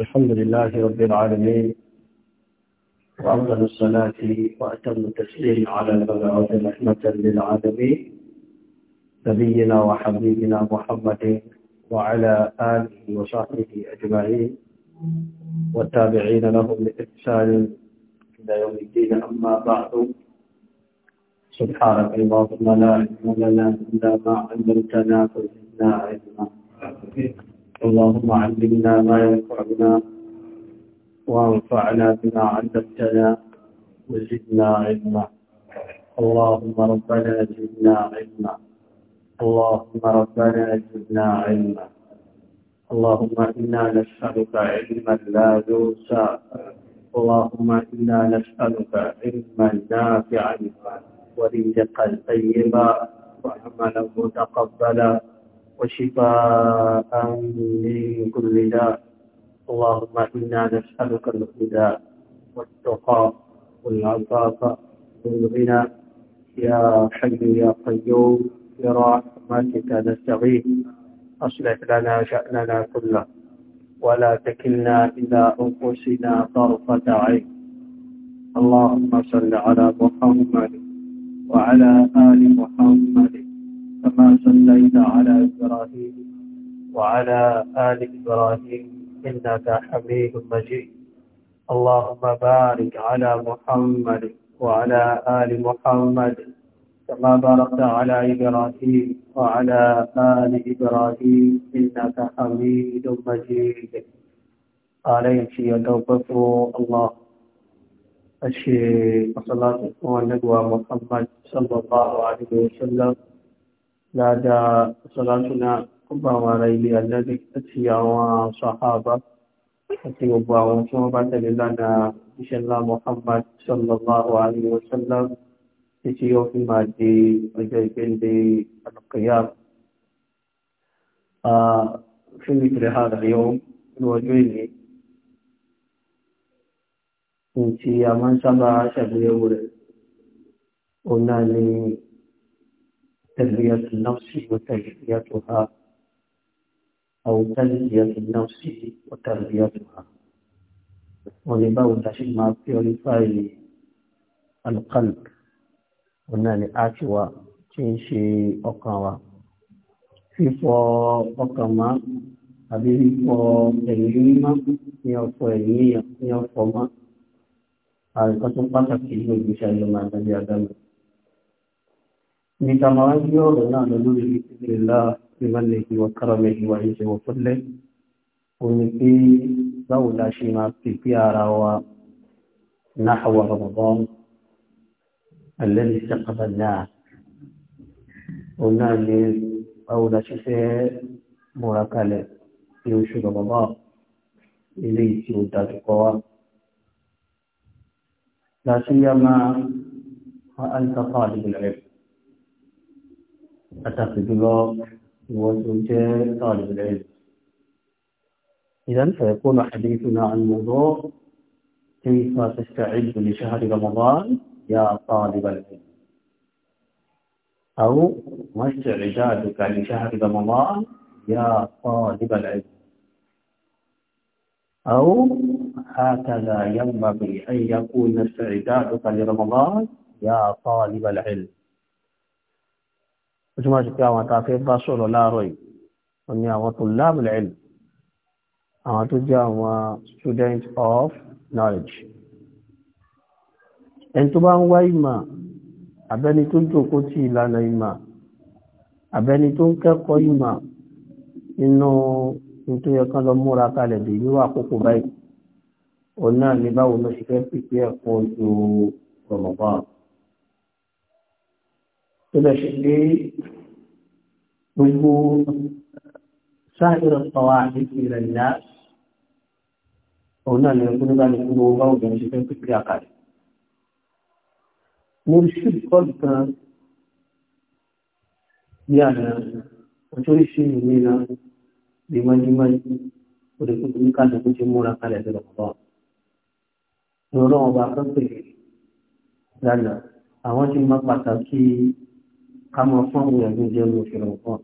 الحمد لله رب العالمين وأفضل الصلاة وأتم التسليم على المبعوث رحمة للعالمين نبينا وحبيبنا محمد وعلى آله وصحبه أجمعين والتابعين لهم بإحسان إلى يوم الدين أما بعد سبحانك اللهم لا علم لنا إلا ما علمتنا فزدنا علما اللهم علمنا ما ينفعنا وانفعنا بما علمتنا وزدنا علما اللهم ربنا زدنا علما اللهم ربنا زدنا علما اللهم انا نسالك علما لا يوسع اللهم انا نسالك علما نافعا ورزقا طيبا وعملا متقبلا وشفاء من كل داء اللهم إنا نسألك الهدى والتقى والعفاف والغنى يا حي يا قيوم برحمتك نستغيث أصلح لنا شأننا كله ولا تكلنا إلى أنفسنا طرفة عين اللهم صل على محمد وعلى آل محمد كما صليت على إبراهيم وعلى آل إبراهيم إنك حميد مجيد اللهم بارك على محمد وعلى آل محمد كما باركت على إبراهيم وعلى آل إبراهيم إنك حميد مجيد عليك يتوقفوا الله الشيء وصلاة النبوة محمد صلى الله عليه وسلم dáadáa sọ́látúnà ọba àwọn ará ilé àjẹ́dẹ̀ àti àwọn sàhábà àti gbogbo àwọn tí wọ́n bá tẹ̀lé lánàá iṣẹ́ ńlá Muhammad sallallahu alaihi wa sallam títí yóò fi máa di ọjọ́ ìgbéǹde àlùkìyà fún ìgbìlẹ̀ ààrẹ yóò ní ọjọ́ ìní tí a máa ń sábà ṣàgbéyẹ̀wò rẹ̀ تلبية النفس وتجزيتها أو تلبية النفس وتربيتها ولباو تشيل ما بيوريفاي القلب ونالي آتوا تنشي أقوى في فو má àbí فو ẹ̀mí mímá ní ọ̀pọ̀ ẹ̀mí ní ọ̀pọ̀ má àìkọ́ tó pàtàkì ní بتمام يورنا لولي بإذن الله بمنه وكرمه وعزه وفضله ونبي دولة شيما في أراوى نحو رمضان الذي استقبلناه قلنا لأولى شيء مركلة يوشو رمضان إليه سيودات القوام لا سيما وأنت طالب العلم pàtàkì jùlọ ìwọ̀n طالب العلم tọ́lẹ̀ إذا سيكون حديثنا عن موضوع كيف تستعد لشهر رمضان يا طالب العلم أو ما استعدادك لشهر رمضان يا طالب العلم أو هكذا ينبغي أن يكون استعدادك لرمضان يا طالب العلم ó túnmọ̀ sí pé àwọn àtàfẹ́ bá sọ̀rọ̀ láàárọ̀ yìí wọ́n ni àwọn tullabul ilm àwọn tó jẹ́ àwọn student of knowledge ẹni tó bá ń wá ìmọ̀ àbẹ́ni tó jòkó tí ìlànà ìmọ̀ àbẹ́ni tó ń kẹ́kọ̀ọ́ ìmọ̀ inú tó yẹ kán lọ múra kalẹ̀ dè ní àkókò báyìí òun náà ní báwo ló ṣe fẹ́ pípẹ́ ẹ̀kọ́ oṣù rọ̀mọ̀bọ́n tó bẹ̀ ṣe lé gbogbo sáàìrọ̀ pọ̀wà àdékù rẹ̀ ńlá òun náà lẹ́yìn kúrúgbà ní gbogbo bá obìnrin ṣe fẹ́ pípẹ́ àkàrẹ̀. mo ṣì kọ́ nǹkan bí àná oríṣiríṣi ìwé náà bí mọ́júmọ́jú orí kúkú ní kálukú ti múra kalẹ̀ sí lọ́pọ̀ lọ́rọ̀ ọba kan pè lánàá àwọn ti máa pàtàkì ká fún àwọn ìyàgbé jẹ́ ní òfin ọ̀pọ̀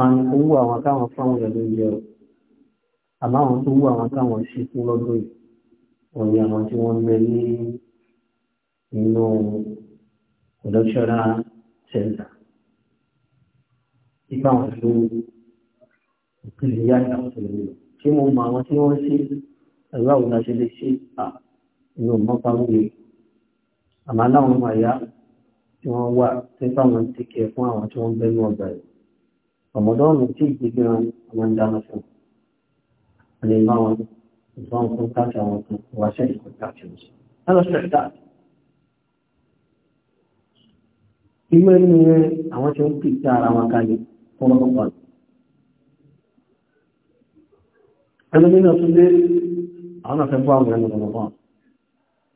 àwọn kò wú àwọn káwọn fún àwọn ìyàgbé jẹ́ o àmọ́ àwọn tó wú àwọn káwọn ṣe fún lọ́dún yìí wọ́n ní àwọn tí wọ́n ń ní inú production center ipa wọn ló ìpìlẹ̀ yá ìyàwó tó lè lò tí mo mọ àwọn tí wọ́n ṣe ẹ̀rọ àwòrán ṣe ṣe à inú mọ́pá wúwe àmọ́ aláwọn ọmọ tí wọ́n wà tí fáwọn ti kẹ fún àwọn tí wọ́n bẹ́nu ọgbà yìí ọmọdọ́ọ̀nù tí ìgbégbé wọn wọn dáná fún wọn lè bá wọn ìfọ́n fún káàkiri àwọn kan wáṣẹ́ ìkọ̀ káàkiri wọn. lọ́sọ̀ ẹ̀dá irú ẹni rẹ àwọn tí ó ń pèsè ara wọn kalẹ̀ pọ́npọ́n. ẹni nínú ọtún dé àwọn àfẹ́ bọ́ àwọn ẹni ọ̀nà náà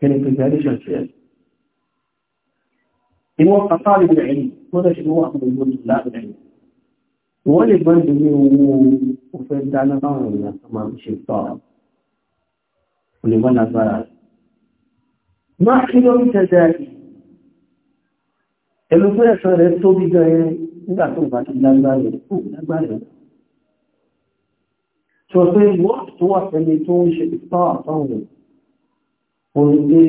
كالانتزاليشن فعل إن وقع طالب العلم هذا شيء هو أخذ من طلاب العلم ولد من دمي وفيد على طالب ما شيء طالب ولمن أفعل ما حلو التزالي ẹ̀lú fún ẹ̀sọ́ rẹ̀ tó bí gan ẹ nígbà tó bá ti lágbára rẹ̀ kú lágbára rẹ̀ sọ pé wọ́n tó wà pẹ̀lú tó ń ṣe ìtọ́ àtọ́ rẹ̀ òun pé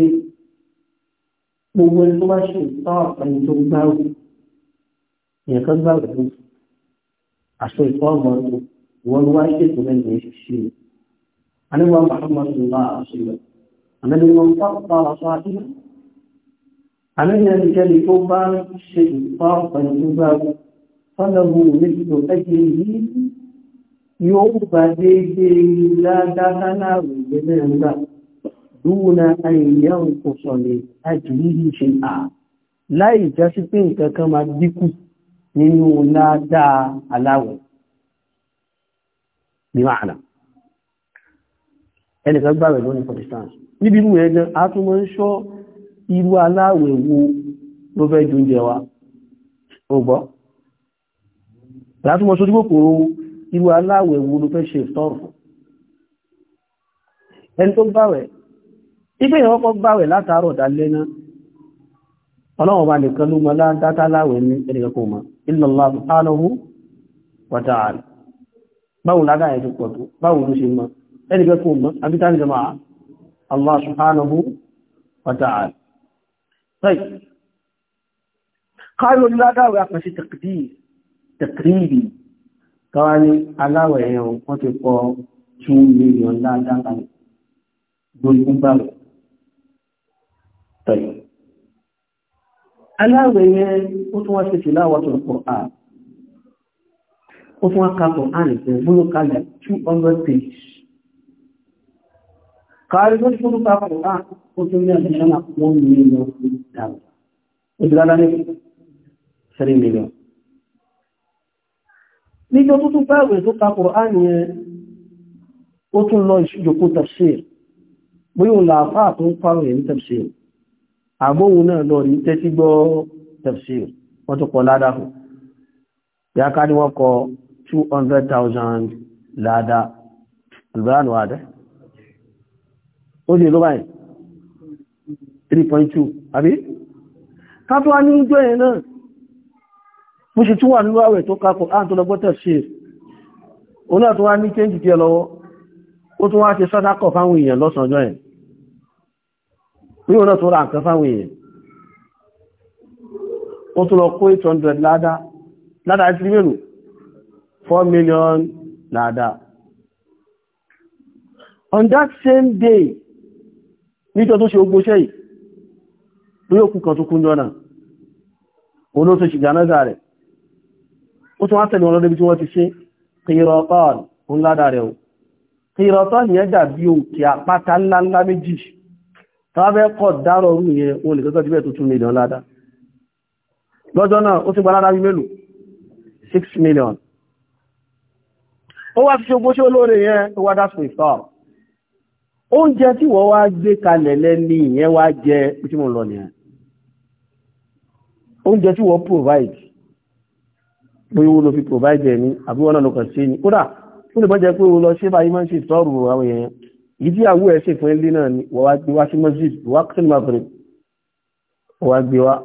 gbogbo ẹni tó bá ṣe ìtọ́ ẹni tó gbáwò èèyàn kan gbáwò tó àṣọ ìtọ́ ọmọ ọdún ìwọ ló wá ṣètò lẹ́nu ẹ̀ ṣe àníwá Muhammad bá àṣẹ rẹ̀ àmẹ́lẹ́ wọn bá pa àṣọ àdínà àmẹ́lẹ́ ẹni jẹ́ni tó bá ṣe ìtọ́ ẹni tó gbáwò fọ́nàmù nílùú ẹgbẹ́ yìí yóò gbà déédéé ládàá náà rẹ̀ gbẹ́mẹ́rin gbà dúnà àìyàn kò sọ̀lẹ̀ àjìrírí ṣe à láì jásí pé nǹkan kan máa dínkù nínú ládáa aláwẹ̀ ní màánà ni gbàwẹ̀ lónìí pakistan níbi irú ẹgbẹ́ a tún mọ́ ń ṣọ́ irú aláwẹ̀ wo ló fẹ́ jù oúnjẹ wa ó gbọ́ látúmọ̀ sójú kòkòrò wo ló fẹ́ ṣe ìfọ́rùn ẹni tó gbàwẹ̀ Ibé ìwọ́pọ̀ gbáwẹ̀ látàárọ̀ dalẹ́ náà, ọlọ́wọ̀n bá nìkan ló mọ́ látàláwẹ̀ ní ẹnìkan kò mọ́, illallah subhanahu wa ta'ala. Báwo lágá ẹ̀ tó pọ̀ tó, báwo ló ṣe mọ́, ẹnìkan kò mọ́, ní aláwẹ̀ ẹ̀yàn 2 million ládáwẹ̀ lórí gbáwẹ̀ tọ́yì aláwẹ̀ yẹn ó tún wá sí ti láwọ́ tó kọ̀ á ó tún wá ká kọ̀ á nìkan búrú kalẹ̀ 200 pages káàrí tó tún ká kọ̀ á ó tún ní ọ̀sẹ̀ náà wọ́n ní lọ dáwọ̀ ó ti rárá ní sẹ́rin mílíọ̀n níjọ tó tún báwẹ̀ tó ká kọ̀ á nìyẹn ó tún lọ ìṣòjòkó tafsir bóyá òun làáfáà tó ń pààrọ̀ yẹn ní tafsir àbóhun náà lọ ní tẹ́tí gbọ́ tafsir wọ́n tó pọ̀ ládá fún ya ká ní wọ́n kọ 200,000 ládá albranu adẹ́ ó dì ló báyìí 3.2 àbí kápẹ́wà ní ìjọ ẹ̀ náà mú ṣe tún wà nínú àwẹ̀ tó kápọ̀ án tó lọ́gbọ́ tafsir ó náà tó wá ní kéńjì tí ní ọ̀nà tó ra nǹkan fáwọn èèyàn ó tún lọ kó 800 ládá ládá ti mẹ́lù 4 million ládá on that same day níjọ tó ṣe ogbó ṣẹ́ yìí ló yóò kú kan tó kún jọ́nà olóòtú ṣìgbà náà rẹ̀ ó tún wá tẹ̀lé ọlọ́dẹ́bí tí wọ́n ti ṣe kìrọ̀tọ́ọ̀lù ńlá dáadẹ́ o kìrọ̀tọ́ọ̀lù yẹn dàbí òkè àpáta ńláńlá méjì tàbẹ́ kọ̀ dárọ̀ orú yẹn òun nìkan tọ́jú bẹ́ẹ̀ tó 2 million ládá lọ́jọ́ náà ó sì gbá ládá bí 6 million ó wá fi ṣogbó ṣe olóore yẹn ó wá dá fún ìfọ́ oúnjẹ tí wọ́n wá gbé kalẹ̀ lẹ́ni ìyẹn wá jẹ tí mo lọ nìyẹn provide bóyá wo provide ẹni àbí wọ́n náà ni kódà ó lè bọ́ jẹ pé o lọ ṣé báyìí ìdí àwọ̀ ẹ̀ fún ilé náà ni wọ́n wá gbé wá sí masjid wá kìrì maghrib wọ́n wá gbé wá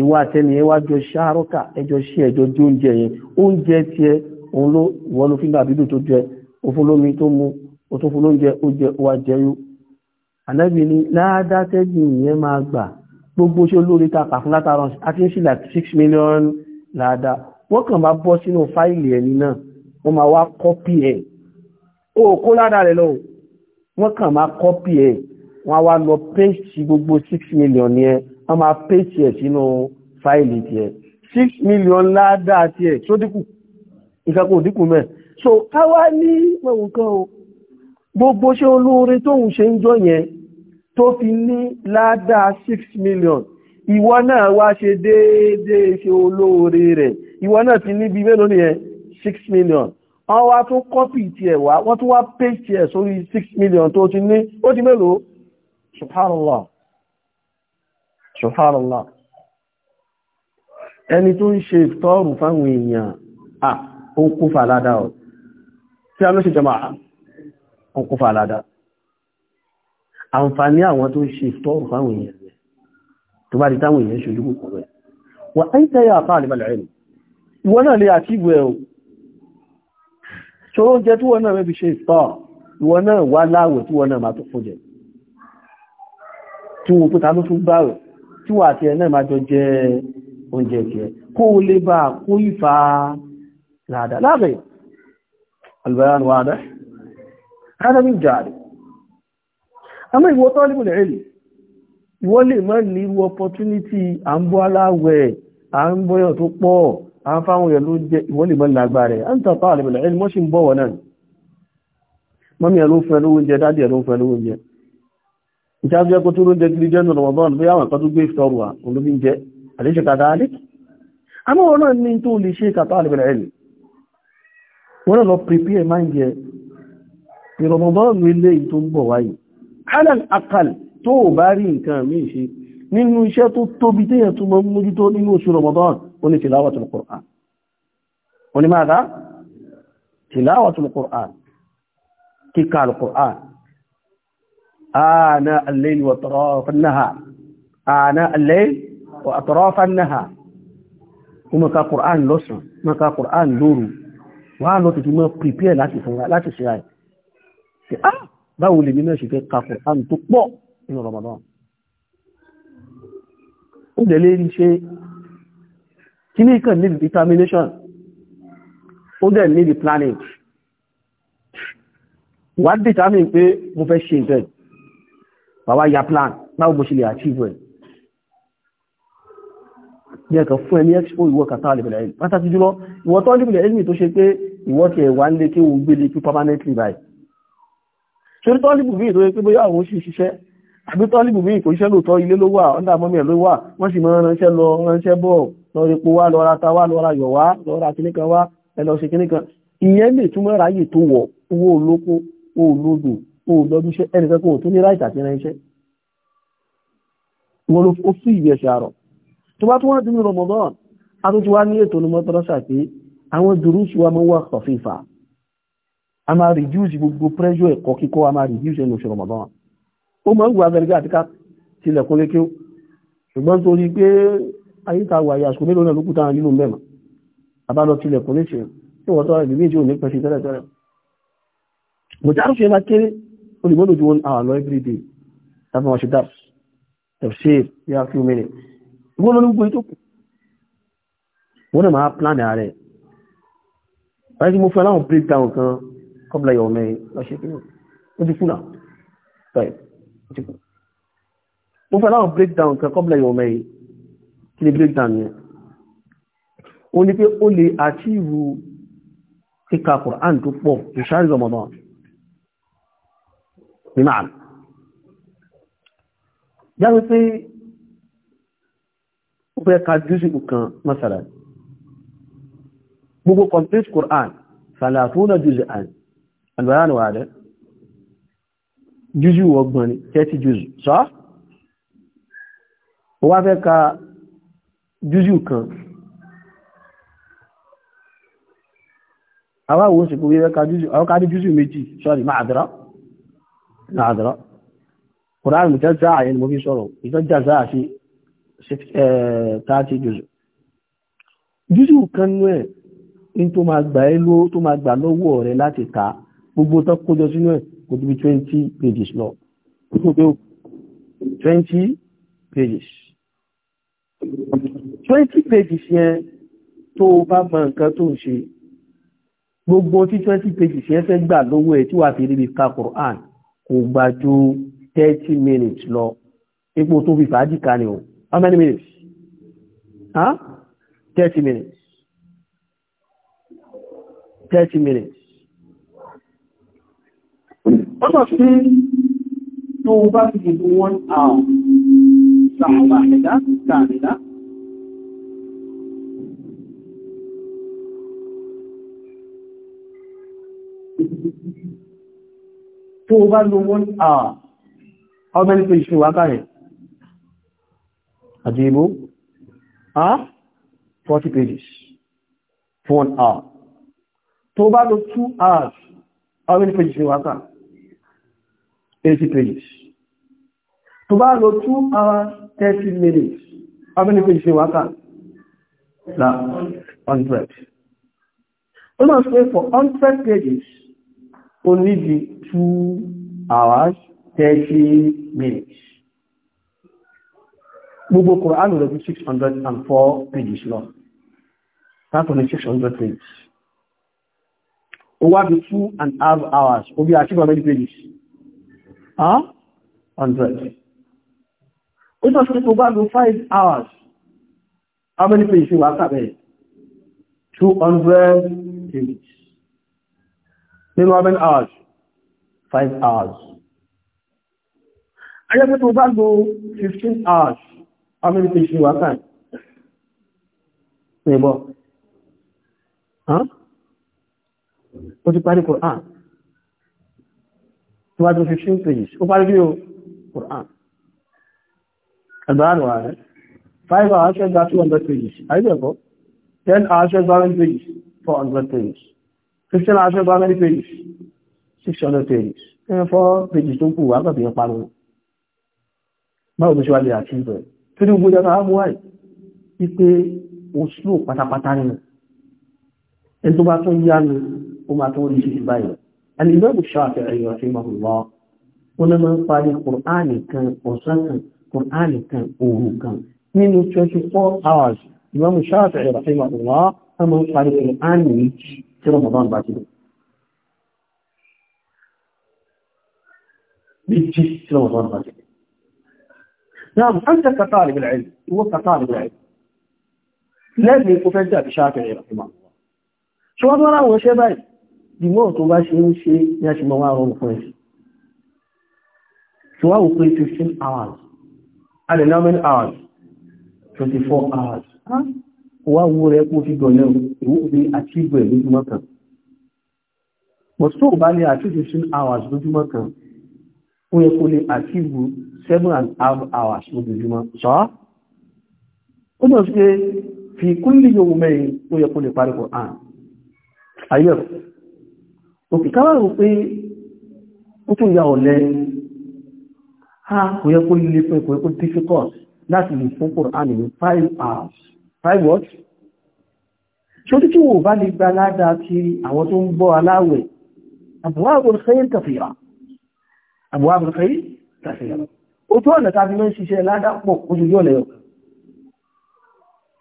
ìwọ àtẹni ẹ wá jọ ṣáárọ́kà ẹjọ́ sí ẹjọ́ jó oúnjẹ yẹn oúnjẹ tiẹ̀ òun ló wọ́n ló fi ń dàbídò tó jẹ òfúnlómi tó mu òtúnfún lóúnjẹ ó jẹ wá jẹyó ànábì ni ládàtẹ́jì yẹn máa gbà gbogbo ṣe olórí ta kà fún látara àti ń sí like six million láàdá wọ́n kàn bá bọ́ sínú fáìlì ẹni náà wọ́n máa wá kọ́pì ẹ̀ o kó ládàá rẹ̀ lọ́wọ́ wọ́n kàn máa kọ́pì ẹ̀ wọ́n wá lọ péjì gbogbo six million yẹn wọ́n máa péjì ẹ̀ sínú fáìlì tiẹ̀ six million ládàá tiẹ̀ tó dínkù nǹkan kò dínkù mẹ́ so káwá ní mẹ́wùn kan o gbogbo ṣe olóore tóun ṣe ń jọ yẹn tó fi ní ládàá six million ìwọ náà wá ṣe déédéé ṣe olóore rẹ̀ ìwọ náà ti níbi mélòó nìyẹn six million wọ́n wá tún kọ́pì ti ẹ̀ wá wọ́n tún wá page ti ẹ̀ sórí 6 million tó ti ní ó ti mélòó subhanallah subhanallah ẹni tó ń ṣe ìtọ́rù fáwọn èèyàn à ó ń kú fàládà ọ̀ tí a ló ṣe jẹma ó ń kú fàládà àǹfààní àwọn tó ń ṣe ìtọ́rù fáwọn èèyàn rẹ̀ tó bá di táwọn èèyàn ṣojú kòkòrò ẹ̀ wà áìtẹ́yà àpá àlìbàlẹ̀ rẹ̀ ìwọ náà tó oúnjẹ tí wọ́n náà mẹ́bí ṣe ìtọ́ ìwọ́n náà wá láwẹ̀ tí wọ́n náà máa tó fún jẹ tí wọ́n pẹ́ta ló tún báwẹ̀ tí wọ́n àti ẹ̀ náà jẹ oúnjẹ jẹ kó lè bá kó ìfà ràdà lábẹ̀ wada hada min jari àmọ́ ìwọ talibul ilm ìwọ lè má ní irú àwọn fáwọn yẹ̀ ló jẹ́ ìwọ́n lè mọ́ lágbàá rẹ̀ ń tàpá àlèbẹ̀lẹ̀ ẹni mọ́ṣí ń bọ̀wọ̀ náà mọ́mí ẹ̀rọ fẹ́ ló oúnjẹ dádì ẹ̀rọ fẹ́ ló oúnjẹ ìjájú ẹkọ́ tó lóúnjẹ gidi jẹ́ nínú ọmọdún bí àwọn kan tó gbé ìfẹ́ ọrùn olóbi ń jẹ àléṣe kàtà alẹ́ àmọ́ wọn náà ní tó lè ṣe kàtà àlèbẹ̀lẹ̀ ẹ̀lì wọn bá rí nǹkan míì ṣe nínú iṣẹ́ tó tóbi téèyàn tó mọ́ mójútó nínú oṣù rọ̀mọdún ó ní tilawatul Qur'an ó ní máa tilawatul Qur'an kíkà al-Qur'an آناء الليل وأطراف النهار آناء الليل وأطراف النهار kuma ka Qur'an lọ́sàn ma ka Qur'an lóru wà lọ tètè mọ́ prepare láti fún láti ṣe àì ah, ṣe á báwo lè nínú ṣìfẹ́ ka Qur'an tó pọ̀ nínú Ramadan ó dẹ̀ lè rí ṣe kíní kan ní determination ó dẹ̀ ní the planning wà determine pé mo fẹ́ ṣe ìfẹ́ bàbá ya plan báwo mo ṣe lè achieve ẹ̀ yẹ́ kan fún ẹni expo ìwọ kàtà àlèbẹ̀lẹ̀ ẹ̀lì pàtàkì jùlọ ìwọ tó nípìnlẹ̀ ẹ̀lì tó ṣe pé ìwọ ti ẹ̀wà ń lé kí o gbé lè tú permanently by ṣorí tọ́lìbù míì tó yẹ pé bóyá àwọn òṣìṣẹ́ ṣiṣẹ́ àbí tọ́lìbù míì kò ṣiṣẹ́ lóòótọ́ ilé ló wà ọ́ndà mọ́mí ẹ̀ ló wà wọ́n sì mọ́ ránṣẹ́ lọ ránṣẹ́ bọ́ọ̀ lọ́rí pó wá lọ́ra ta wá lọ́ra yọ̀ wá lọ́ra kíníkan wá ẹlọ sí kíníkan ìyẹn lè túnmọ̀ ráyè tó wọ̀ owó olóko owó olódò owó lọ́dún iṣẹ́ ẹnìkan kò ní ráìtà sí ẹran iṣẹ́ wọn ló ó sí ìwé ẹ̀ṣẹ̀ tó bá Ramadan a tún ti wá ní ètò ní mọ́tọ́rọ́sà pé àwọn dùrúṣù wa máa wà kọ̀fífà a máa reduce Ramadan ó máa ń gbà gẹ́gẹ́ àti pé ayé ta wà yà ṣùgbọ́n lónà lókùtà nínú mẹ́mà àbálọ tilẹ̀ kò léṣe tí wọ́n tọ́ra ìbí tí ò ní pẹ̀sì tẹ́lẹ̀ tẹ́lẹ̀ mo já ṣe máa kéré olùgbò lójú wọn àwọn lọ every day tàbí wọn ṣe dá ṣe yá few minutes ìwọ́n lórí gbogbo ìtókù wọ́n náà máa plan ààrẹ báyìí tí mo fẹ́ láwọn breakdown kan kọ́bla yọ̀ mẹ́rin lọ́ṣẹ́ pé ó ti kùnà báyìí ó ti mo fẹ́ láwọn breakdown kan kọ́bla yọ̀ mẹ́rin kí ni breakdown yẹn ó ní pé ó lè àtíìwù kíka Qur'an tó pọ̀ ìṣáàrí Ramadan nínú àmì jáwé pé ó fẹ́ ka jùsì kan masalan gbogbo complete Qur'an salatuna juz'an albayan wa da jùsì wọ́gbọ̀n ni 30 jùsì sọ́ jújù kan àwáwò sí gbogbo ẹwẹ́ ká jújù méjì sọ́rì máa àdúrà náà àdúrà kùránì mú jẹ́jẹ́ àyẹ́ ni mo fi sọ̀rọ̀ ìtọ́jà sáà sí 30 jùzù jújù kan nú ẹ̀ in tó máa gbà ẹ́ ló tó máa gbà lọ́wọ́ rẹ̀ láti ta gbogbo tó kójọ sínú ẹ̀ kò tó bí 20 pages lọ 20 pages twenty pages yẹn tó o bá mọ nǹkan tó ń ṣe gbogbo tí twenty pages yẹn fẹ́ gbà lọ́wọ́ ẹ̀ tí wàá fi ríbi ka Quran kò gbà ju thirty minutes lọ ipò tó fi fàájì ká ni o how many minutes huh? thirty minutes thirty minutes wọ́n sọ sí tó o bá fi dìbò one hour sàmùbà ẹ̀dá sàmìlá. tó o bá lo one hour how many pages ni wà kàrẹ̀ àti 40 pages for one hour tó o bá lo two hours how many pages ni wà kà 80 pages tó bá lo two hours 30 minutes how many pages ni wà kà na 100 ó máa sọ for 100 pages Only nídi two hours thirty minutes gbogbo six hundred and four pages long. lọ only six hundred pages Over the two 2 and half hours ó bí àṣíkọ̀ many pages huh? hundred. We must sí over bá bí hours how many pages wà Two hundred pages nínú how many hours five hours ayẹ́pẹ́ tó bá lo fifteen hours how many pages ni wà kàn níbọ̀ ó ti parí Quran tó bá lo fifteen pages ó parí bí o Quran ẹgbẹ̀rún wà rẹ̀ five hours and that's one hundred pages ayẹ́pẹ́ ẹ̀kọ́ ten hours ẹgbẹ̀rún pages four hundred pages. Christian Aṣọ bá many pages? 600 pages. Ẹ̀yẹn fọ́ pages tó kù wà gbàgbé ń parun. Báwo ló ṣe wá lè àti ìbẹ̀? Tí ní gbogbo ẹ̀ka wá yìí pé o slow pátápátá nínú. Ẹni tó bá tún yá ni ó máa tún rí ṣíṣe báyìí. Ẹni ìgbẹ́ kò ṣọ́ àfẹ́ ẹ̀yọ̀ àti ìmọ̀ lọ. Ó ní máa ń parí Kùránì kan ọ̀sán kan, Kùránì kan òru kan. Nínú 24 hours, Imam Shafi'i rahimahullah, wọ́n máa ń parí Kùránì méjì tí Ramadan bá ti lọ. Méjì tí Ramadan bá ti lọ. Náà, an ta kàtà àrẹ̀ ilẹ̀ ilẹ̀, ìwọ kàtà àrẹ̀ ilẹ̀ ilẹ̀. Lẹ́bìn ikú fẹ́ jà bí ṣáàkì rẹ̀ rẹ̀ máa. Ṣé wọ́n tó ráwọ̀ ṣẹ́ báyìí? Ìwọ́ tó hours. Huh? wá wó rẹ kó fi dọ̀lẹ́ ìwúfin àtìgbẹ̀ lójúmọ́ kan but tó bá lè àtìgbẹ̀ 15 hours lójúmọ́ kan ó yẹ kó lè àtìgbù 7 and half hours lójúmọ́ sọ́ ó mọ̀ sí pé fi kúlì yóò mẹ́rin ó yẹ kó lè parí kò àn ayẹ́ òkè káwà rò pé ó tún ya ọ̀lẹ ha kò yẹ kó lè pẹ́ kò yẹ kó difficult láti lè fún kòrán ní 5 hours five what? ṣótí tí wò bá lè gba ládàá ti àwọn tó ń bọ́ aláwẹ̀ àbúwábùn khair kàfíra àbúwábùn khair kàfíra ó tó ọ̀nà tàbí mẹ́ ṣiṣẹ́ ládàá pọ̀ oṣùjú ọ̀nà ẹ̀kọ́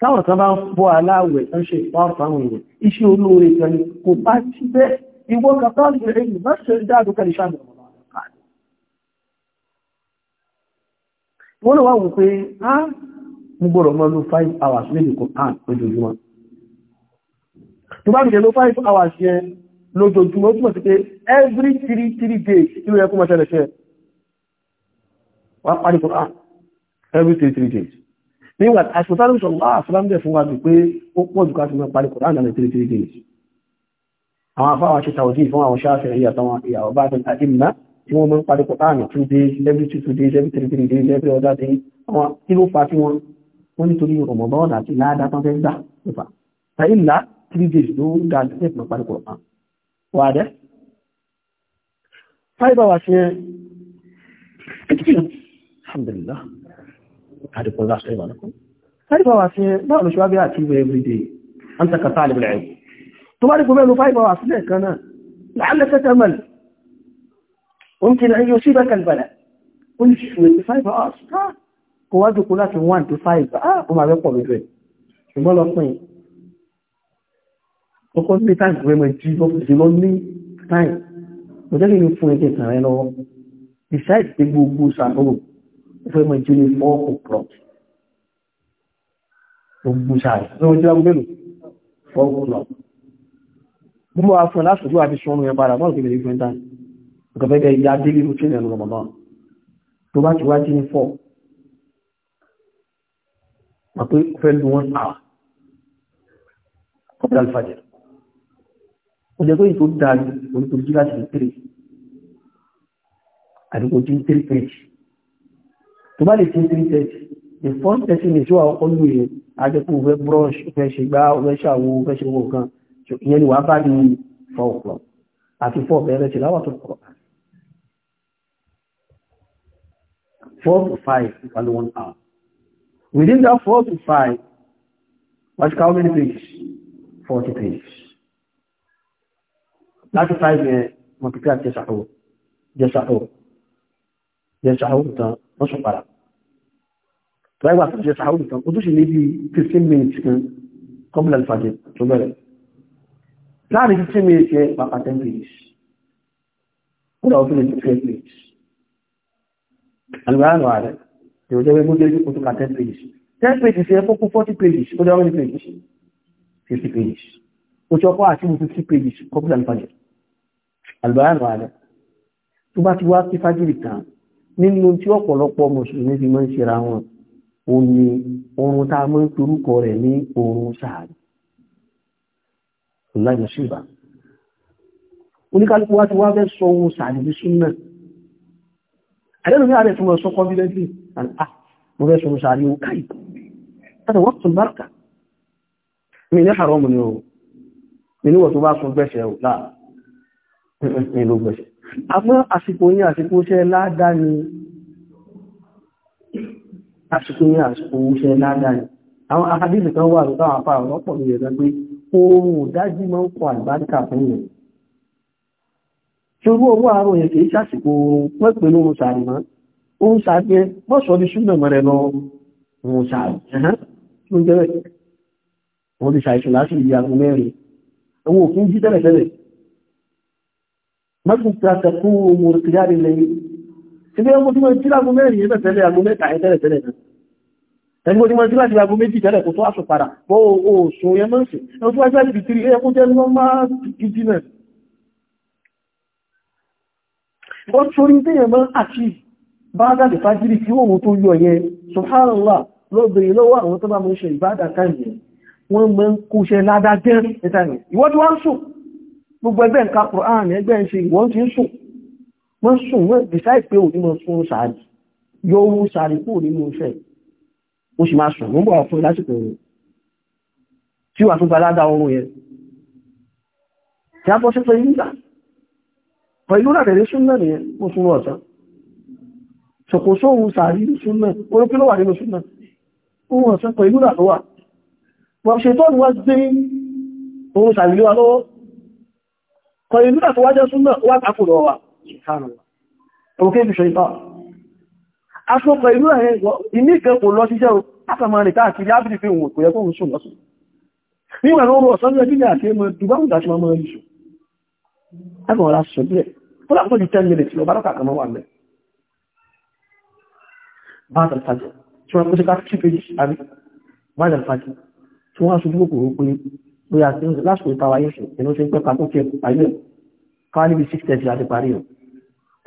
táwọn kan bá ń bọ́ aláwẹ̀ ń ṣe ìpáwọ̀fáwọn èèyàn iṣẹ́ olóore kan ni kò bá ti mú gbọ́rọ̀ mọ́ ló 5 hours méjì Quran lójoojúmọ́ tó bá nìyẹn ló 5 hours yẹn lójoojúmọ́ túnmọ̀ sí pé every 3 days tí ó yẹ kún mọ́ṣẹ́lẹ̀ ṣẹ́ wà parí Quran every 3 days níwà àṣìkòtàrí sọ̀rọ̀ àṣìlámdẹ̀ fún wa bí pé ó pọ̀ jù káàkiri máa parí Quran àmì 3 days àwọn afáwà ṣe tàwọ̀dí fún àwọn ṣáfẹ́ ẹ̀yà àtàwọn ìyàwó bá tẹ̀lá ìmìnà tí wọ́n mọ́ ń parí Quran 2 days every 2 days every 3 days every other day àwọn kí ló fa tí wọ́n وانتم لي رمضان عاد لا دا تنزل ده فا فإلا تريدش دو دا تنزل من قبل القرآن وعده فايبا واسي الحمد لله هذا كل ذا شيء لكم فايبا واسي لا لو شو أبي أتي بيفري دي أنت كطالب العلم تمارك بمعنى فايبا واسي ليك أنا لعلك تأمل ممكن أن يصيبك البلاء قل شو فايبا واسي kò wá jòkó láti 1 to 5 ah o máa rẹ́pọ̀ lójú ẹ̀ ṣùgbọ́n lọ pín ọkọ̀ ní time rẹ̀ mọ̀ jí lọ́pùsí lọ ní time mo jẹ́ kí fún ẹgbẹ́ ìtàn lọ́wọ́ besides pé gbogbo sàbọ̀rọ̀ ó fẹ́ mọ̀ jí ní 4 o'clock gbogbo sàrẹ̀ ló jẹ́ agbẹ́lò 4 o'clock gbogbo afọ lásìkò àti sọ́run yẹn padà mọ́ ìgbẹ̀rẹ̀ ìgbẹ̀ntàn ọ̀gọ̀fẹ́gẹ̀ ìyá délé ló tún ẹ̀rọ rọmọdán tó ma pé ó fẹ́ lu one hour kọ́pẹ́ alifajẹ́ ó jẹ́ pé ètò dáa ní orí tó jí láti ní three àdúgbò tí three thirty tó bá lè tí three thirty the first person ní ìṣúwà ọkọ̀ lù yẹn ajẹ́pọ̀ ó fẹ́ brush ó fẹ́ ṣe gbá ó Within that four to five, what's how many pages? 40 pages. Láti five yẹn, multiply àti ṣàkóò, jẹ ṣàkóò, jẹ ṣàkóò tán, wọ́n sùn padà. Tọ́lá ìgbà tó jẹ ṣàkóò tán, ó tún ṣe ní bí 15 minutes kan, kọ́mùlẹ̀ alfàjẹ tó bẹ̀rẹ̀. Láàrin 15 minutes yẹn, pàpà 10 pages. Ó dà ó tún lè 12 pages. Àlùbáràn wà rẹ̀ yóò jẹ́ gbogbo ẹgbẹ́ kò tó ka ten pages ten pages yẹ kókó forty pages ó dáwọ́ ní pages fifty pages ó ti ọkọ̀ àti fifty pages kọ́pù lànfàjẹ́ àlùbáyà nù alẹ́ tó bá ti wá sí fájìlì kan nínú tí ọ̀pọ̀lọpọ̀ mùsùlùmí fi máa ń ṣe ra wọn ò ní oorun tá a máa ń torúkọ rẹ̀ ní oorun sáàrì ọ̀làyàn ṣùgbà oníkálukú wá ti wá fẹ́ sọ ohun sáàrì bí súnmọ́ àdéhùn ní ààrẹ fún ọ sọ confidently الأحد مباشر مش عليه كيف هذا وقت البركة من يحرم من هو من هو تباع صلباشة لا من هو باشا أما أسيكوني أسيكوشي لا داني أسيكوني أسيكوشي لا داني àwọn àkàdìsì kan wà lọ́tọ́ àpá ọ̀rọ̀pọ̀ ní ẹ̀rọ pé oòrùn dájú máa ń kọ àlùbáríkà fún ìyẹn ṣorú owó àárọ̀ yẹn kìí ṣàsìkò pẹ́pẹ́ lóòrùn sàrìmọ́ ó ń sàgbé bọ́sọ̀ ní ṣúnà mẹ́rẹ̀ lọ òun sàgbé wọ́n ti ṣàìṣù láti ìdí àwọn mẹ́rin owó òfin jí tẹ́lẹ̀tẹ́lẹ̀ mọ́tún tàtàkù mọ̀rọ̀ ti jáde lẹ́yìn ibi ọmọ tí wọ́n jí lágún mẹ́rin yẹ́ tẹ́lẹ̀ àgún mẹ́ta ẹ̀ tẹ́lẹ̀tẹ́lẹ̀ náà ẹni mo ti máa jí láti àgún méjì tẹ́lẹ̀ kò tó aṣọ padà bọ́ òṣùn yẹn mọ́ sí ẹni tó wájú láti bìtìrì ẹkún jẹ́ lọ́mọ́ gidi náà báadáàdì fájírí tí wọ́n tó yọ yẹ subhanallah lọ́bìnrin lọ́wọ́ àwọn tó bá mọ́ ṣe ìbádà káyẹ̀ wọ́n mọ́ ń kúṣẹ́ ládájẹ́ ìtàrẹ̀ ìwọ́n tí wọ́n ń sùn gbogbo ẹgbẹ́ Qur'an ẹgbẹ́ ń ṣe ìwọ́n ti ń sùn wọ́n sùn wọ́n decide pé òní mọ́ sún sàárì yóò rú sàárì kúrò nínú iṣẹ́ ó sì máa sùn nígbà fún lásìkò rẹ̀ tí wà tún balada oorun yẹn tí a sí pé nígbà pẹ̀lú rẹ̀ rẹ̀ náà nìyẹn ọ̀sán ṣòkòṣó òun sàárì súnà orókí ló wà nínú súnà ohun ọ̀sán pẹ̀lú ìlú làlọ́wà wọ́n ṣe tọ́nù wá gbé ohun sàárì lé wa lọ́wọ́ kọ ìlú àti wájẹ́ súnà wá takò lọ wà òkè ìfìṣọ́ ìfà aṣọ́kọ̀ ìlú ẹ̀ ilé ìfẹ́ kò o látàmà rẹ̀ káàkiri ábìrì fi òun kò yẹ kóhun sùn lọ́sùn nígbà tó rọ ọ̀sán ní بعد الفجر شو أنا متكلم كيف يجيش أبي بعد الفجر شو أنا شو بقول بقول بيا تين لاش كوي توايش إنه شو يبقى كم كيف أيه كان يبي six thirty على باريو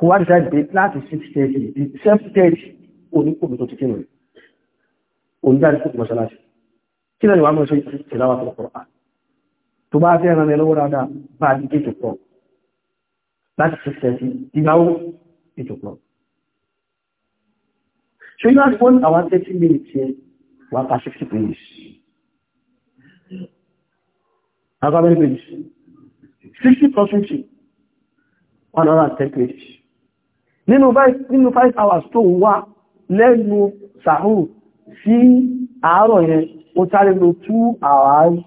هو هذا زاد بيت لاش six thirty seven thirty وني كم بتوتكلم ونجار كم مثلا كذا يوم ما شيء تلاوة القرآن تبعتي أنا نلور هذا بعد كي تقرأ بعد six thirty تجاو كي تقرأ So you have one hour, 30 minutes here, one hour, 60 pages. How many pages? 60 plus 50. One hour and 10 pages. Nínú nínú five hours tó wá lẹ́nu sàhù sí àárọ̀ yẹn, ó sáré lọ two hours,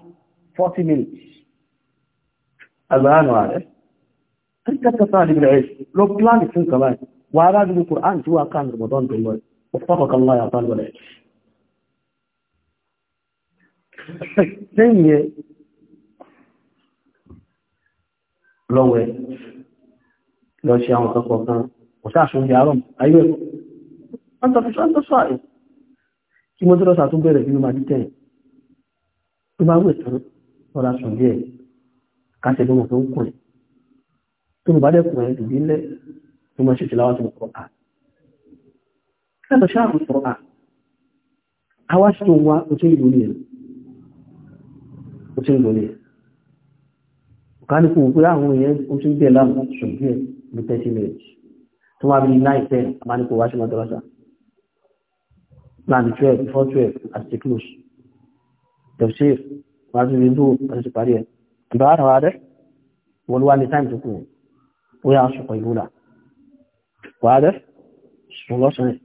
forty minutes. Àgbàránà rẹ̀. Kí kẹ́kẹ́ sáà lè bẹ̀rẹ̀ lọ pláàni fún kàbáyì, wà á rádìí Kùrán tí wà káà Ramadan tó lọ́yìn. وفقك الله يا طالب العلم lẹ́yìn lọ́wẹ́ lọ ṣe àwọn ọ̀sọ̀kọ̀ kan òṣàṣùn ìyá rọ̀m ayé ọ̀tọ̀fẹ́sọ́ àì kí mo tó lọ́sà tó bẹ̀rẹ̀ nínú máa dítẹ̀ tó bá wẹ̀ tán lọ́la sùn díẹ̀ káṣẹ́ lóhun tó ń kùn tó bá dẹ̀kùn ẹ̀ هذا شهر القرآن حواشته هو أتين دونية أتين دونية وكان يكون كل عام أتين بلا شبيه بتسمية ثم أبني نايت أما نكون واشي مدرسة láàrin 12 before 12 àti ti close tẹ̀síf wájú ìlú àti parí ẹ̀ ìbá àtàwà rẹ̀ wọ́n wá ní time tó kù ó yá sọ̀pọ̀ ìlú rà wà rẹ̀ sùn lọ́sàn-án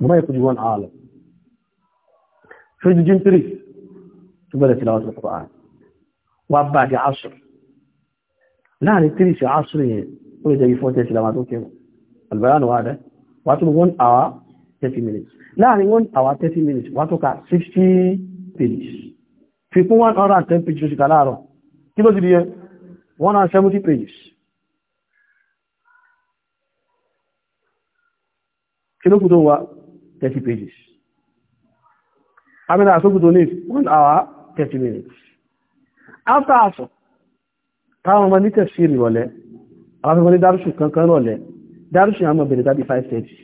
وما يكون عالم في الجيم 3 تبدأ تلاوة القرآن وبعد عصر لا نتري في عصر وإذا يفوت تلاوة القرآن البيان هذا واتو one hour 30 minutes láàrin one hour 30 minutes wọ́n tó ka 60 pages fi kún 110 pages lóṣìkà láàárọ̀ kí ló ti di yẹ 170 pages kí ló kù tó wà 30 pages. How many hours do to need? One hour, 30 minutes. After Asr, táwọn ọmọ ní tẹ̀síìrì rọ̀lẹ́, àwọn ọmọ ní dárúṣù kankan rọ̀lẹ́, dárúṣù àmọ́ bẹ̀rẹ̀ 35 30.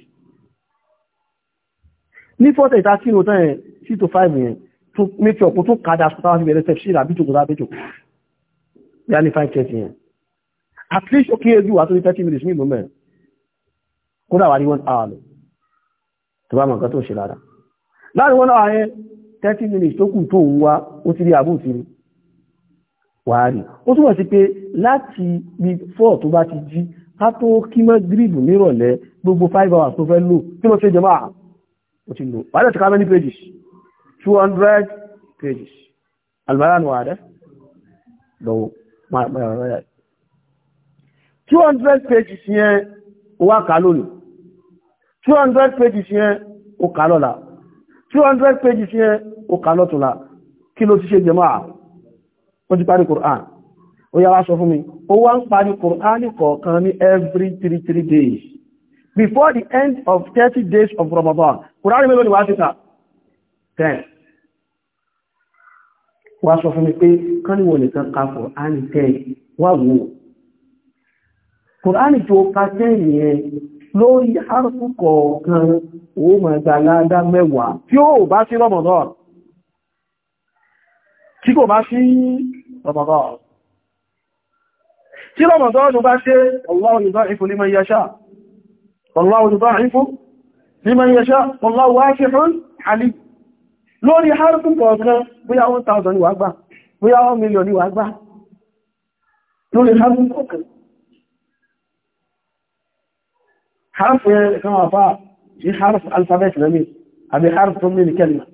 Ní 4 ìta tí ìròtán yẹn, 6 to 5 yẹn, tó méjì ọ̀pọ̀ tó kàdà sọ táwọn ìbẹ̀rẹ̀ tẹ̀síìrì àbí jòkó lábẹ́ jòkó. Bí a ní 5 30 yẹn. At least ó kéré jù wá 30 minutes ní ìlú mẹ́rin. Kódà wà tó bá mọ̀ nǹkan tó ṣe lára láti wọ́n náà yẹn 30 minutes tó kù tó ń wá ó ti rí àbúntiri wàárí ó túnmọ̀ sí pé láti bí 4 tó bá ti jí ká tó kí mọ́ gírìbù nírọ̀lẹ́ gbogbo 5 hours tó fẹ́ lò tí mo ṣe jẹ́ máa ó ti lò wàá ti ká many pages 200 pages almaran wàdẹ́ lọ́wọ́ 200 pages yẹn wá kà lónìí two hundred pages yẹn ó kà lọ́la two hundred pages yẹn ó kà lọ́tùnla kí ló ti ṣe jẹmọ́ à ó ti parí Quran ó yá wá sọ fún mi ó wá ń parí Quran kọ̀ọ̀kan ní every three three days before the end of thirty days of Ramadan Quran mélòó ni wàá ti kà ten wá sọ fún mi pé kánìwò nìkan ka Quran ten wá wò Quran tó ka ten yẹn lórí hárùkù kọ̀ọ̀kan ó máa gba mẹ́wàá tí ó bá sí Ramadan tí kò bá sí Ramadan tí Ramadan bá ṣe Allahu yudha'ifu liman yasha Allahu yudha'ifu liman yasha Allahu wasi'un alim lórí hárùkù kọ̀ọ̀kan bóyá 1000 ni wà gbà bóyá 1 million ni wà gbà lórí hárùkù kọ̀ọ̀kan حرف كما فا في حرف الفابت نبي ابي حرف من الكلمه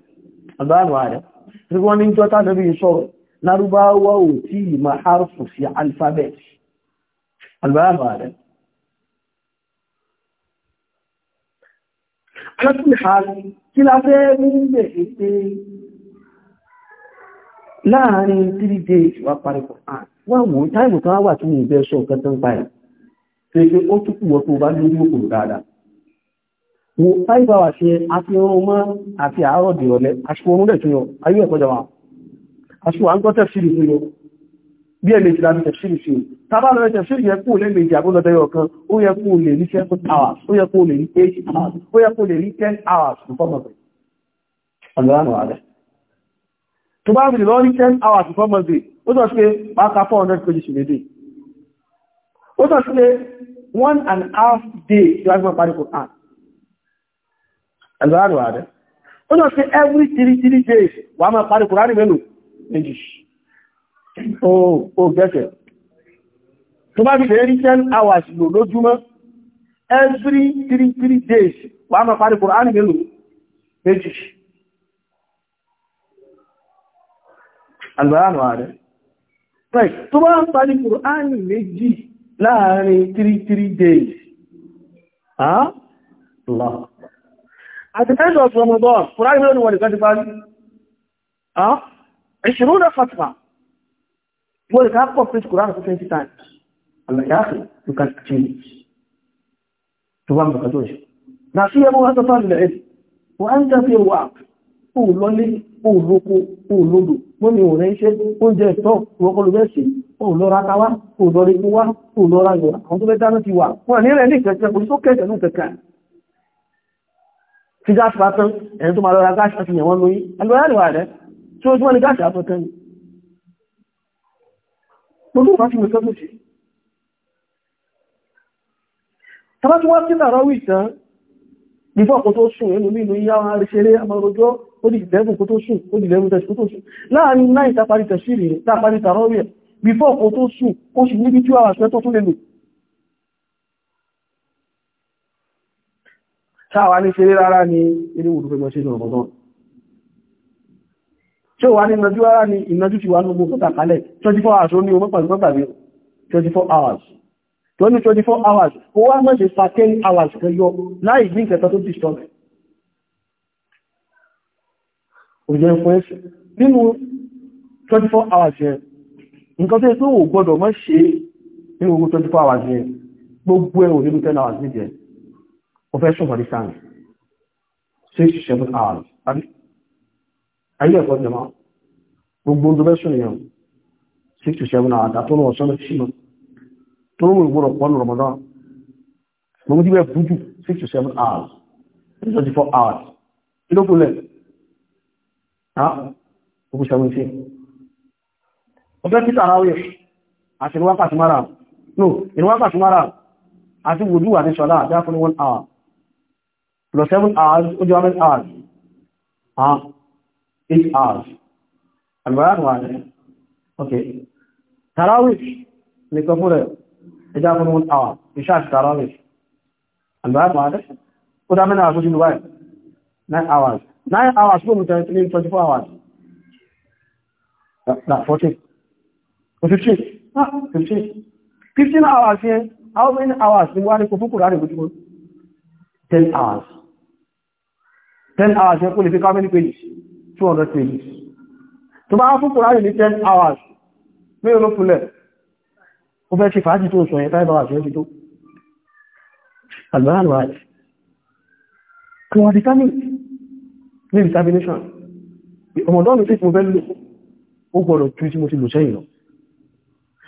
البان وارد تقول ان توتا نبي صور لاربا واو تي ما حرف في الفابت البان وارد على كل حال كلا في من بيتي لا 3 days wà parí kọ̀án wọ́n mú táìmù kan wà tí ṣe pé ó túnkù wọ́n tó bá lórí òkùnrù dáadáa wo five hours ṣe àti oorun mọ́ àti àárọ̀ dì ọ̀lẹ́ aṣọ oorun lẹ̀ tún yọ ayé ẹ̀kọ́ jọba aṣọ à ń gbọ́ tẹ̀síìrì fún yọ bí ẹ̀mẹ́jì láti tẹ̀síìrì sí tábà lọ tẹ̀síìrì yẹ kó lẹ́mẹ́jì àbúlọ́dẹ́yọ kan ó yẹ kó lè ní seven hours ó yẹ kó lè ní eight hours ó yẹ kó lè ní ten hours before mọ̀tẹ̀ ọ̀lọ́rànà rẹ̀ tó bá rí ó tàn sílé one and half day ìwájúmọ̀ parí kò hàn ẹ̀lọ́rọ̀ ààrẹ ó tàn sí every three three days wà máa parí kò rárí mélòó méjì ó gẹ́sẹ̀ tó bá fi fẹ́ rí ten hours lò lójúmọ́ every three three days wà máa parí kò rárí mélòó méjì ẹ̀lọ́rọ̀ ààrẹ tó bá ń parí kò rárí méjì láàrin 3-3 days. Huh? Allah. At the end of Ramadan, Quran mẹ́rin wọ̀n nìkan ti parí. Ìṣirò rẹ̀ Fatima, wọ́n nìkan pọ̀ pé Quran for 20 times. Àlàyáfẹ́ ló ká change. Tó bá mọ̀kà tó ṣe. Na fi ẹmọ́ wá tọ́tọ́ ilẹ̀ ẹ̀dì, wọ́n á ń jáfẹ́ wà ó lọ́lé, ó lóko, ó lódò, mọ́mí òun rẹ̀ iṣẹ́, oúnjẹ ìtọ́, ìwọ́kọlù bẹ́ẹ̀ sí, òlọ́ra káwá òlọ́ra ikú wá òlọ́ra yọ̀ àwọn tó bẹ́ dáná ti wà wọ́n ní rẹ̀ ní ìkẹ̀kẹ́ kò tó kẹ́ẹ̀kẹ́ ní kẹ̀kẹ́ tí gáàsì bá tán ẹni tó máa lọ́ra gáàsì àti ìyẹ̀wọ́n lóyìn alùwárá rẹ̀ wà rẹ̀ tí ó túnmọ́ ní gáàsì àtọ́tẹ́ ni gbogbo ìfà sí mi sọ́tún sí tàbá tí wọ́n sí tààrọ wì tán nígbà kò tó sùn ẹnu mí inú yá wọn rí ṣeré amọ̀rọ̀jọ́ ó di ìdẹ́gùn kò tó sùn ó di ìdẹ́gùn tẹ̀sí kò tó sùn láàárín náà ìtàparí tẹ̀sí rèé tàparí tààrọ before kò tó sùn ó sì níbi tí àwọn àṣẹ́tọ́ tó lè lò sáwà ní ṣeré rárá ní eré òdúgbẹ́ mọ́ sí ọ̀rọ̀mọ́tán tí ó wà ní ìnàjú rárá ní ìnàjú ti wà ní ogun kọta kalẹ̀ 24 hours ó ní omi pàdé pàdé 24 hours tó ní 24 hours ó wá mọ́ sí fa 10 hours kan yọ láì ní ìkẹta tó ti stọ́ọ̀mẹ̀ òjò ìfọ́ ẹ̀sìn nínú 24 hours yẹn nǹkan tó yẹ pé ò gbọ́dọ̀ mọ́ ṣe nínú ogun 24 hours yẹn gbogbo ẹ̀ ò nínú 10 hours níjẹ̀ o fẹ́ sùn fọ́dí sáà 6-7 hours ayé ẹ̀kọ́ jẹma gbogbo ogun tó fẹ́ sùn yẹn 6-7 hours àtàtọ́ lọ sọ́nà sí lọ tó lóun ìgbọ́dọ̀ pọ́nù Ramadan gbogbo tí bẹ́ẹ̀ fújù 6-7 hours 24 hours kí ló kúlẹ̀ ah ogun 17 ọfẹ́ kí tàràwẹ̀ àti ìwákàtí mara no ìwákàtí mara àti wùdú wà ní ṣọ́lá àti àfún 1 hour plus 7 hours ó jẹ́ hours ah 8 hours albara wà ní ok tàràwẹ̀ ní kọfún rẹ̀ ẹjá fún 1 hour iṣẹ́ àti tàràwẹ̀ albara wà ní ó dá mẹ́rin àkójú dubai 9 hours 9 hours fún mi 24 hours 14 15 15 15 hours here. how many hours ni wá ní kò fún kùránì lójúmọ́ Ten hours Ten hours yẹn kò lè fi how many pages hundred pages tó bá fún kùránì ní ten hours ní olókùnlẹ̀ ó fẹ́ ṣe fàájì tó sọ yẹn 5 hours yẹn ti tó albaran wáyé kí wọ́n determine ní determination ọmọdọ́nù tí mo fẹ́ lò ó gbọ́dọ̀ ju tí mo ti lò sẹ́yìn lọ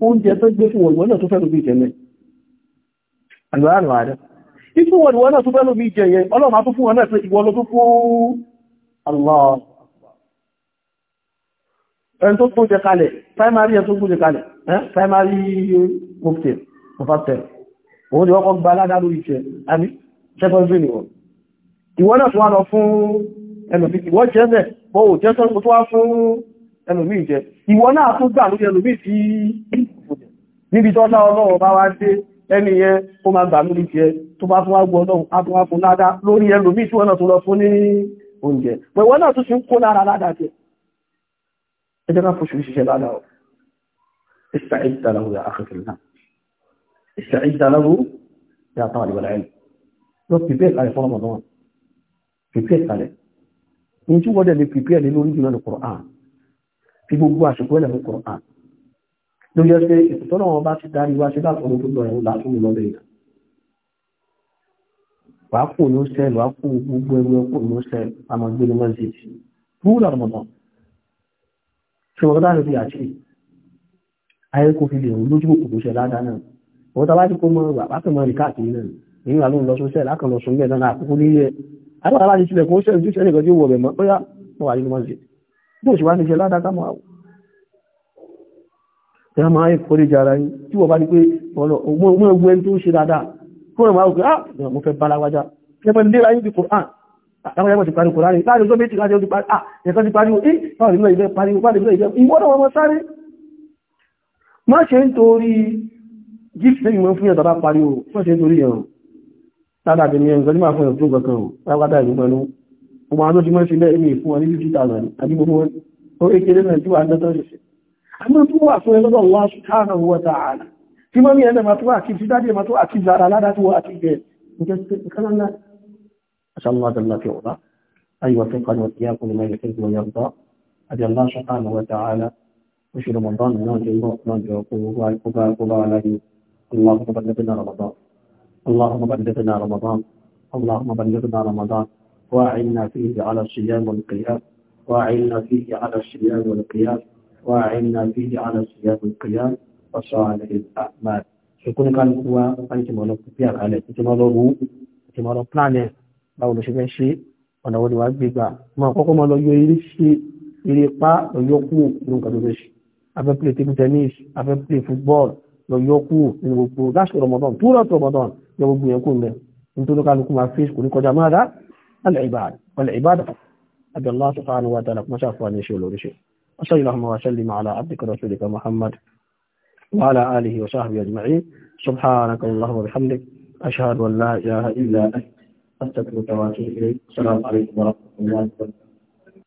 oúnjẹ tó gbé fún wọ̀lúwọ́ náà tó fẹ́ lóbi ìjẹ̀lẹ̀ àlùwárànwà rẹ̀ ìfún wọ̀lúwọ́ náà tó fẹ́ lóbi ìjẹ̀yẹ ọlọ́mà tó fún wọn náà pé ìwọ ló tó fún Allah ẹni tó gbóúnjẹ kalẹ̀ primary ẹni tó gbóúnjẹ kalẹ̀ primary cocktail professor òun ni ọkọ̀ gba aládá lórí ìṣẹ́ àbí secondary ni wọ́n ìwọ náà tó wá lọ fún ẹnìyàn ìwọ jẹ́ ẹlòmíì jẹ ìwọ náà tún gbà lórí ẹlòmíì tí níbi tó lá ọlọ́run bá wá dé ẹni yẹn ó máa gbà lórí jẹ tó bá fún wá gbọ́ ọlọ́run á tún wá fún ládá lórí ẹlòmíì tí wọ́n náà lọ fún ní oúnjẹ pẹ̀wọ́ náà tún fi ń kó lára ládá jẹ ẹ jẹ́ ká fún ṣùgbọ́n ọ استعد له يا أخي في الله استعد له يا طالب العلم lọ prepare kalẹ̀ fún Ramadan prepare kalẹ̀ ní tí wọ́n dẹ̀ lè prepare fi gbogbo àṣùkú ẹ̀lẹ̀ fún Kùránì ló yẹ pé ìtọ́nà wọn bá ti darí wá sí láàrín tó lọ́rẹ̀ látún lọ́bẹ̀ ìyà wà kò ní ó sẹ́ lọ kó gbogbo ẹrú ẹkùn ní ó sẹ́ àmọ́ gbé ní mọ́síjì fún ọ̀rọ̀mọ̀tàn ṣe wọ́n dáre bí àti ayé kò fi lè rú lójú òkùnkùn ṣe ládá náà wọ́n tá bá ti kó mọ́ wà bá tẹ̀mọ́ káàkiri náà èyí wà ló ń lọ sóṣẹ́ lákànlọ́ sóńgbẹ̀ náà àkókò nílé ẹ̀ àbúrò bá ti tilẹ̀ kó sẹ́ bí òṣèwà ní ṣe ládàá kámọ́ àwọ̀ ẹ̀yà máa ń kọrí jara yìí tí wọ́n bá ní pé ọmọ ẹgbẹ́ tó ṣe dáadáa kúrò máa wùkú ah mo fẹ́ bá lágbájá ẹgbẹ́ léra yìí di Qur'an àwọn ẹgbẹ́ ti parí Qur'an rẹ̀ láàrin ọjọ́ méjì láti ọdún parí ah ẹ̀kan ti parí eh báwọn ìlú ìfẹ́ parí wọ́n ìlú ìfẹ́ ìwọ́n náà wọ́n sáré má ṣe ń torí gift lẹ́yìn mọ́ fún yàtọ̀ bá parí o má ṣe ń torí ẹ̀rùn ládàá وما عنده شيء ما في ده إيه هو اللي بيجي تعبان أدي هو هو إيه كده نجوا عند تاجر شيء أما توا سؤال الله سبحانه وتعالى في ما مين ما توا كيف جدا ما توا كيف زار لا ده توا كيف جد مجلس كنا ما شاء الله جل في أوضاع أي وثقة وثياب لما يحب ويرضى أدي الله سبحانه وتعالى وشي رمضان نادي الله نادي وقوه وقوه وقوه عليه اللهم بلغنا رمضان اللهم بلغنا رمضان اللهم بلغنا رمضان اللهم وأعنا فيه على الصيام والقيام وأعنا فيه على الصيام والقيام وأعنا فيه على الصيام والقيام وصالح الأعمال ṣùkúnni kálukú wa wọ́n ti mọ̀ lọ pípí àkàlẹ̀ ti mọ̀ lọ rú ti mọ̀ lọ plánẹ̀ báwo ló ṣe fẹ́ ṣe ọ̀nà wo ni wàá gbégbà mọ̀ kọ́kọ́ mọ̀ lọ yọ eré ṣe eré pa lọ yọ kú nínú nǹkan tó fẹ́ ṣe afẹ́ play table tennis afẹ́ play football lọ yọ kú nínú gbogbo láṣọ Ramadan túrọ̀ Ramadan yọ gbogbo yẹn kú mẹ́ nítorí kálukú máa face kò ní kọjá máa dá العباد والعبادة أبي الله سبحانه وتعالى ما شاف أن يشيل ورشيل وصلى اللهم وسلم على عبدك ورسولك محمد وعلى آله وصحبه أجمعين سبحانك اللهم وبحمدك أشهد أن لا إله إلا أنت أستغفرك وأتوب إليك السلام عليكم ورحمة الله وبركاته